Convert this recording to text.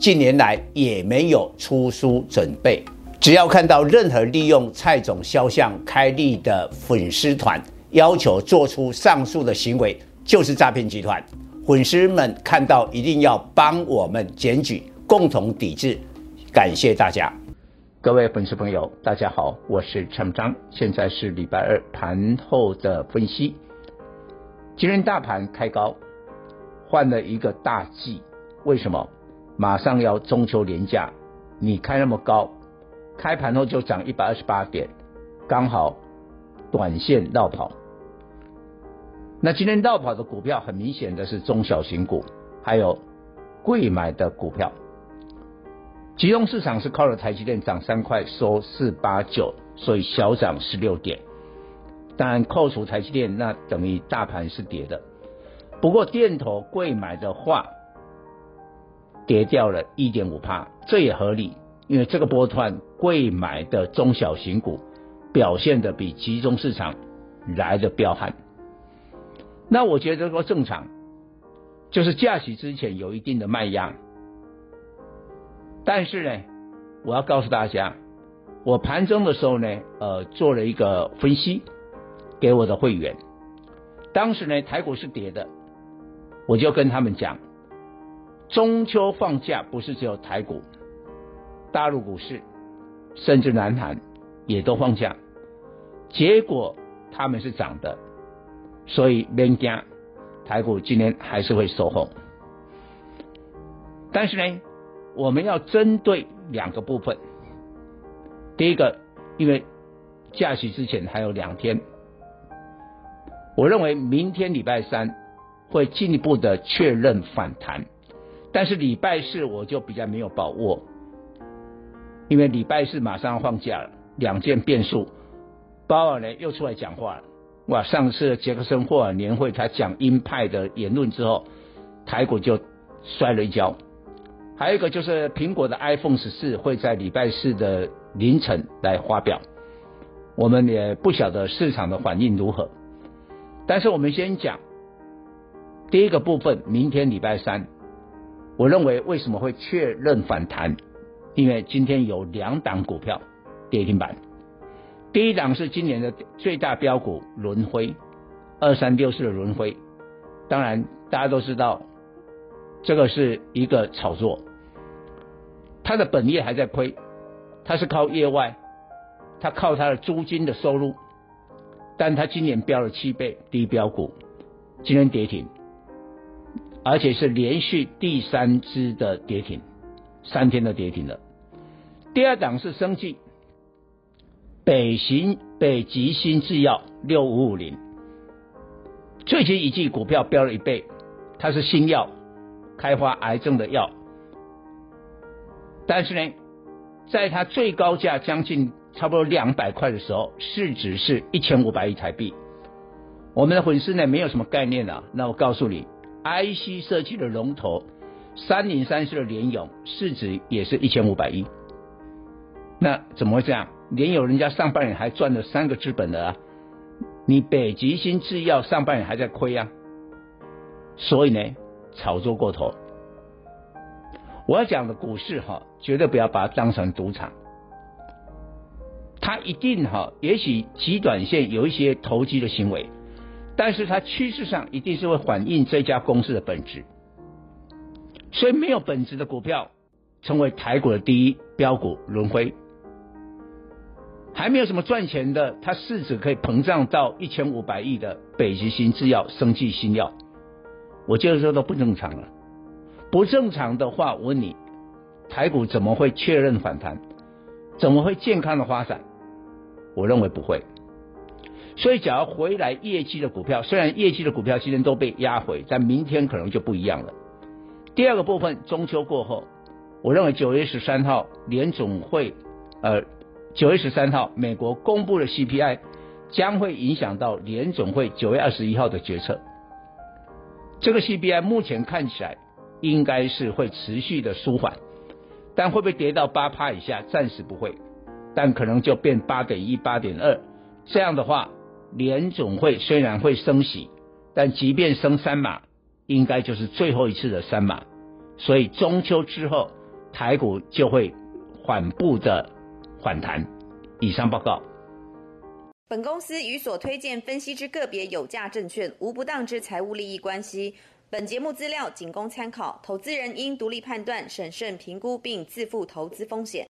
近年來也沒有出書準備，只要看到任何利用蔡總肖像開立的粉絲團，要求做出上述的行為，就是詐騙集團。粉絲們看到一定要幫我們檢舉，共同抵制。感謝大家，各位粉絲朋友，大家好，我是蔡明彰，現在是禮拜二盤後的分析。今天大盤開高，換了一個大忌，為什麼？馬上要中秋連假，你開那麼高，開盤後就漲一百二十八點，剛好短線落跑。那今天落跑的股票很明顯的是中小型股，還有櫃買的股票。集中市場是靠着台積電漲三塊，收四八九，所以小漲十六點。但扣除台積電，那等於大盤是跌的。不過店頭櫃買的話，跌掉了一點五趴，這也合理，因為這個波段貴買的中小型股表現的比集中市場來的彪悍。那我覺得說正常，就是假期之前有一定的賣壓，但是呢，我要告訴大家，我盤中的時候呢，呃，做了一個分析給我的會員，當時呢台股是跌的，我就跟他們講。中秋放假不是只有台股，大陸股市，甚至南韓也都放假，結果他們是漲的，所以人家台股今天還是會收紅。但是呢，我們要針對兩個部分，第一個，因為假期之前還有兩天，我認為明天禮拜三會進一步的確認反彈。但是禮拜四我就比較沒有把握，因為禮拜四馬上要放假了，兩件變數。鮑爾呢又出來講話了，哇！上次傑克森霍爾年會他講鷹派的言論之後，台股就摔了一跤。還有一個就是蘋果的 iPhone 十四會在禮拜四的凌晨來發表，我們也不曉得市場的反應如何。但是我們先講第一個部分，明天禮拜三。我認為為什麼會確認反彈？因為今天有兩檔股票跌停板。第一檔是今年的最大飆股倫飛，二三六四的倫飛。當然，大家都知道這個是一個炒作，它的本業還在虧，它是靠業外，它靠它的租金的收入，但它今年飆了七倍，低飆股今天跌停。而且是連續第三支的跌停，三天都跌停了。第二檔是生技，北行北極星制藥六五五零，最近一季股票飆了一倍，它是新藥，開發癌症的藥。但是呢，在它最高價將近差不多兩百塊的時候，市值是一千五百億台幣。我們的粉絲呢，沒有什麼概念啊。那我告訴你。IC 設計的龍頭，三零三四的聯詠市值也是一千五百億。那怎麼會這樣？聯詠人家上半年還賺了三個資本的啊！你北極星製藥上半年還在虧啊！所以呢，炒作過頭。我要講的股市哈，絕對不要把它當成賭場。它一定哈，也許極短線有一些投機的行為。但是它趨勢上一定是會反映這家公司的本質，所以沒有本質的股票成為台股的第一標股輪回。還沒有什麼賺錢的，它市值可以膨脹到一千五百億的北極星製藥生技新藥，我就是說都不正常了，不正常的話，我問你，台股怎麼會確認反彈？怎麼會健康的發展？我認為不會。所以，假如回來業績的股票，雖然業績的股票今天都被壓回，但明天可能就不一樣了。第二個部分，中秋過後，我認為九月十三號聯準會，呃，九月十三號美國公布的 CPI 將會影響到聯準會九月二十一號的決策。這個 CPI 目前看起來應該是會持續的舒緩，但會不會跌到八趴以下？暫時不會，但可能就變八點一、八點二這樣的話。聯總會雖然會升息，但即便升三碼，應該就是最後一次的三碼，所以中秋之後台股就會緩步的反彈。以上報告。本公司與所推薦分析之個別有價證券無不當之財務利益關係。本節目資料僅供參考，投資人應獨立判斷、審慎評估並自負投資風險。